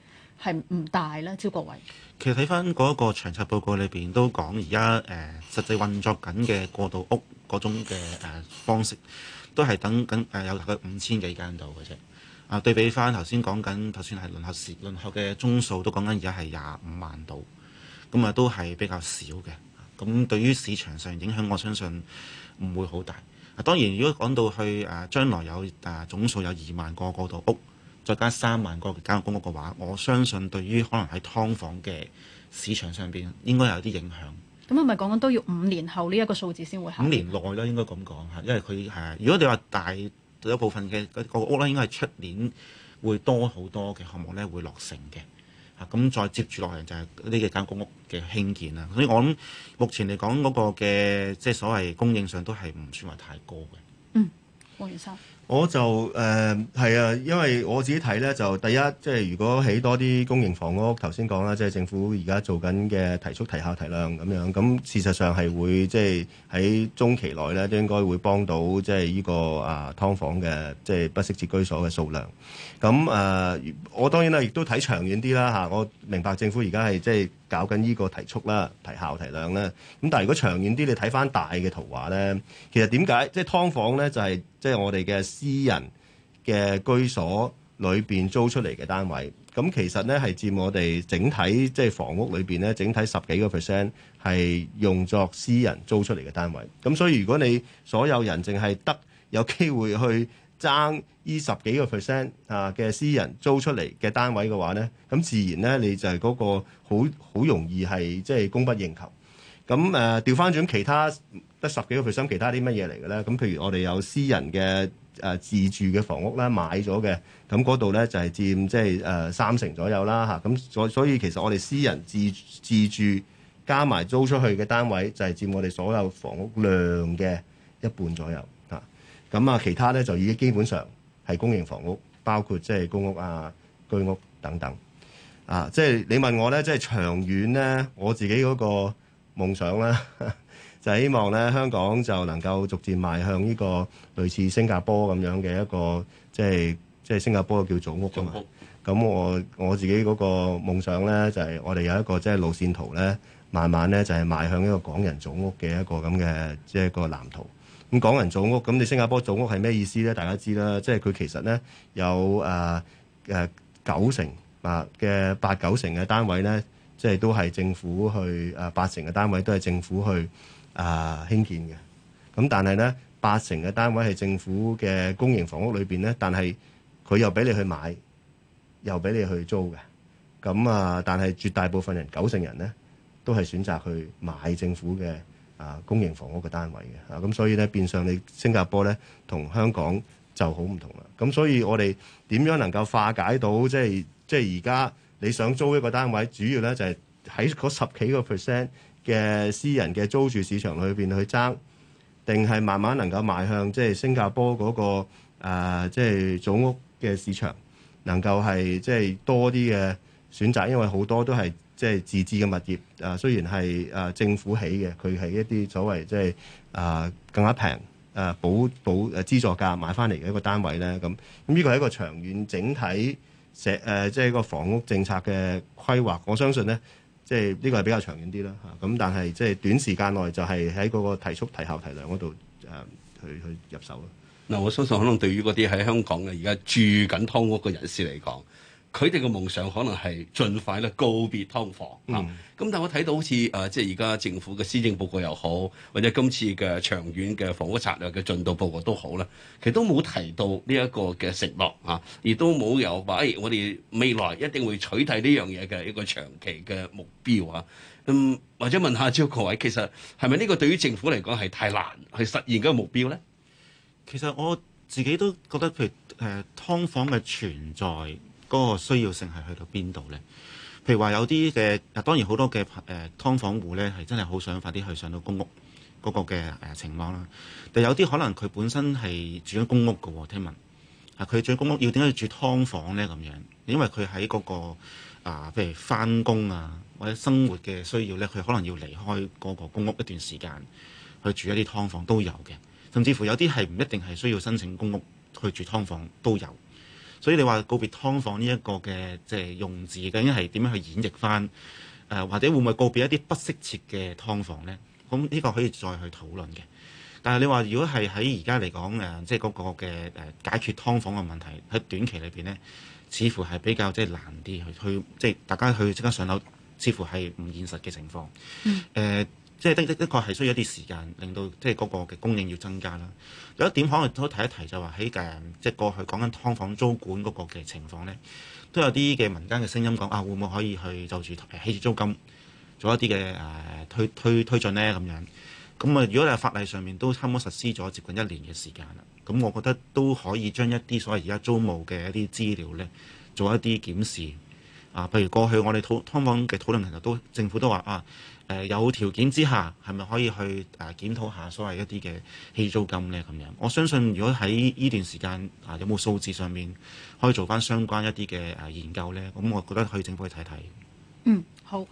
係唔大呢？招國偉
其實睇翻嗰個長策報告裏邊都講，而家誒實際運作緊嘅過渡屋嗰種嘅誒、呃、方式，都係等緊誒、呃、有大概五千幾間度嘅啫。啊、呃，對比翻頭先講緊頭先係輪候時輪候嘅宗數都講緊而家係廿五萬度，咁、嗯、啊都係比較少嘅。咁對於市場上影響，我相信唔會好大。啊，當然如果講到去誒將來有誒總數有二萬個過渡屋，再加三萬個簡約公屋嘅話，我相信對於可能喺劏房嘅市場上邊應該有啲影響。
咁係咪講緊都要五年後呢一個數字先會行？五年
內啦，應該咁講吓，因為佢係如果你話大一部分嘅個,個屋咧，應該係出年會多好多嘅項目咧會落成嘅。咁再接住落嚟就係呢幾間公屋嘅興建啦，所以我諗目前嚟講嗰個
嘅即係所謂供應上都係唔算話太高嘅。嗯，黃元山。我就誒係、呃、啊，因為我自己睇咧，就第一即係如果起多啲公營房屋，頭先講啦，即係政府而家做緊嘅提速提效提量咁樣，咁事實上係會即係喺中期內咧，都應該會幫到即係呢、這個啊劏房嘅即係不適切居所嘅數量。咁誒、呃，我當然啦，亦都睇長遠啲啦嚇。我明白政府而家係即係。搞緊呢個提速啦、提效提量啦。咁但係如果長遠啲，你睇翻大嘅圖畫咧，其實點解即係劏房咧，就係即係我哋嘅私人嘅居所裏邊租出嚟嘅單位。咁其實咧係佔我哋整體即係、就是、房屋裏邊咧，整體十幾個 percent 係用作私人租出嚟嘅單位。咁所以如果你所有人淨係得有機會去。爭依十幾個 percent 啊，嘅私人租出嚟嘅單位嘅話咧，咁自然咧你就係嗰個好好容易係即係供不應求。咁誒調翻轉其他得十幾個 percent，其他啲乜嘢嚟嘅咧？咁譬如我哋有私人嘅誒、呃、自住嘅房屋咧買咗嘅，咁嗰度咧就係、是、佔即係誒三成左右啦嚇。咁、啊、所所以其實我哋私人自自住加埋租出去嘅單位就係、是、佔我哋所有房屋量嘅一半左右。咁啊，其他咧就已經基本上係公營房屋，包括即係公屋啊、居屋等等。啊，即係你問我咧，即係長遠咧，我自己嗰個夢想咧， 就希望咧香港就能夠逐漸邁向呢個類似新加坡咁樣嘅一個，即係即係新加坡叫組屋啊嘛。咁母我我自己嗰個夢想咧，就係我哋有一個即係路線圖咧，慢慢咧就係邁向一個港人組屋嘅一個咁嘅即係一個藍圖。咁港人組屋，咁你新加坡組屋係咩意思咧？大家知啦，即係佢其實咧有誒誒、呃、九成啊嘅、呃、八九成嘅單位咧，即係都係政府去誒、呃、八成嘅單位都係政府去啊興、呃、建嘅。咁但係咧，八成嘅單位係政府嘅公營房屋裏邊咧，但係佢又俾你去買，又俾你去租嘅。咁啊、呃，但係絕大部分人九成人咧，都係選擇去買政府嘅。啊，公營房屋嘅單位嘅，啊咁所以咧變相你新加坡咧同香港就好唔同啦。咁、啊、所以我哋點樣能夠化解到即係即係而家你想租一個單位，主要咧就係喺嗰十幾個 percent 嘅私人嘅租住市場裏邊去爭，定係慢慢能夠邁向即係新加坡嗰、那個、啊、即係組屋嘅市場，能夠係即係多啲嘅選擇，因為好多都係。即係自治嘅物業，啊雖然係啊政府起嘅，佢係一啲所謂即係啊更加平啊補保補誒資助價買翻嚟嘅一個單位咧，咁咁呢個係一個長遠整體社誒即係個房屋政策嘅規劃，我相信咧，即係呢個係比較長遠啲啦嚇。咁但係即係短時間內就係喺嗰個提速提效提量嗰度誒去去入手咯。
嗱，我相信可能對於嗰啲喺香港嘅而家住緊劏屋嘅人士嚟講，佢哋嘅夢想可能係盡快咧告別劏房咁、嗯啊、但係我睇到好似誒、呃，即係而家政府嘅施政報告又好，或者今次嘅長遠嘅房屋策略嘅進度報告都好啦，其實都冇提到呢一個嘅承諾嚇，亦、啊、都冇有話誒、哎，我哋未來一定會取締呢樣嘢嘅一個長期嘅目標啊！嗯，或者問下招各位，其實係咪呢個對於政府嚟講係太難去實現嘅目標呢？其實我自己都覺
得，譬如誒劏房嘅存在。嗰個需要性係去到邊度呢？譬如話有啲嘅，當然好多嘅誒、呃、劏房戶呢，係真係好想快啲去上到公屋嗰個嘅誒、呃、情況啦。但有啲可能佢本身係住緊公屋嘅喎、哦，聽聞啊，佢住公屋要點解要住劏房呢？咁樣因為佢喺、嗰個啊，譬、呃、如翻工啊，或者生活嘅需要呢，佢可能要離開嗰個公屋一段時間，去住一啲㓥房都有嘅。甚至乎有啲係唔一定係需要申請公屋去住劏房都有。所以你話告別劏房呢一個嘅即係用字，究竟係點樣去演繹返？誒、呃、或者會唔會告別一啲不適切嘅劏房咧？咁呢個可以再去討論嘅。但係你話如果係喺而家嚟講誒，即係嗰個嘅誒解決劏房嘅問題喺短期裏邊咧，似乎係比較即係難啲去，去，即係大家去即刻上樓，似乎係唔現實嘅情況。嗯。呃即係的的，的確係需要一啲時間，令到即係嗰個嘅供應要增加啦。有一點可能都提一提就話喺誒，即係過去講緊劏房租管嗰個嘅情況咧，都有啲嘅民間嘅聲音講啊，會唔會可以去就住起、啊、住租金做一啲嘅誒推推推進咧咁樣？咁啊，如果你喺法例上面都差唔多實施咗接近一年嘅時間啦，咁我覺得都可以將一啲所謂而家租務嘅一啲資料咧做一啲檢視啊。譬如過去我哋劏房嘅討論其實都政府都話啊。誒、呃、有條件之下，係咪可以去誒、呃、檢討下所謂一啲嘅起租金呢？咁樣我相信，如果喺呢段時間啊、呃，有冇數字上面可以做翻相關一啲嘅誒研究呢？咁我覺得去政府去睇睇。嗯，
好。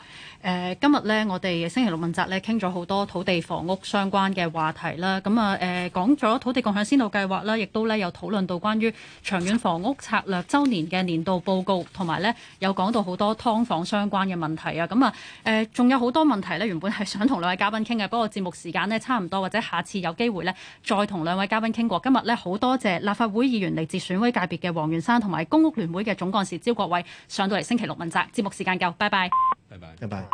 誒今日呢，我哋星期六問責咧，傾咗好多土地房屋相關嘅話題啦。咁啊，誒講咗土地共享先導計劃啦，亦都呢，有討論到關於長遠房屋策略周年嘅年度報告，同埋呢，有講到好多劏房相關嘅問題啊。咁啊，誒仲有好多問題呢，原本係想同兩位嘉賓傾嘅，不過節目時間呢，差唔多，或者下次有機會呢，再同兩位嘉賓傾過。今日呢，好多謝立法會議員嚟自選委界別嘅黃元山同埋公屋聯會嘅總幹事招國偉上到嚟星期六問責，節目時間夠，拜拜。拜拜，
拜拜。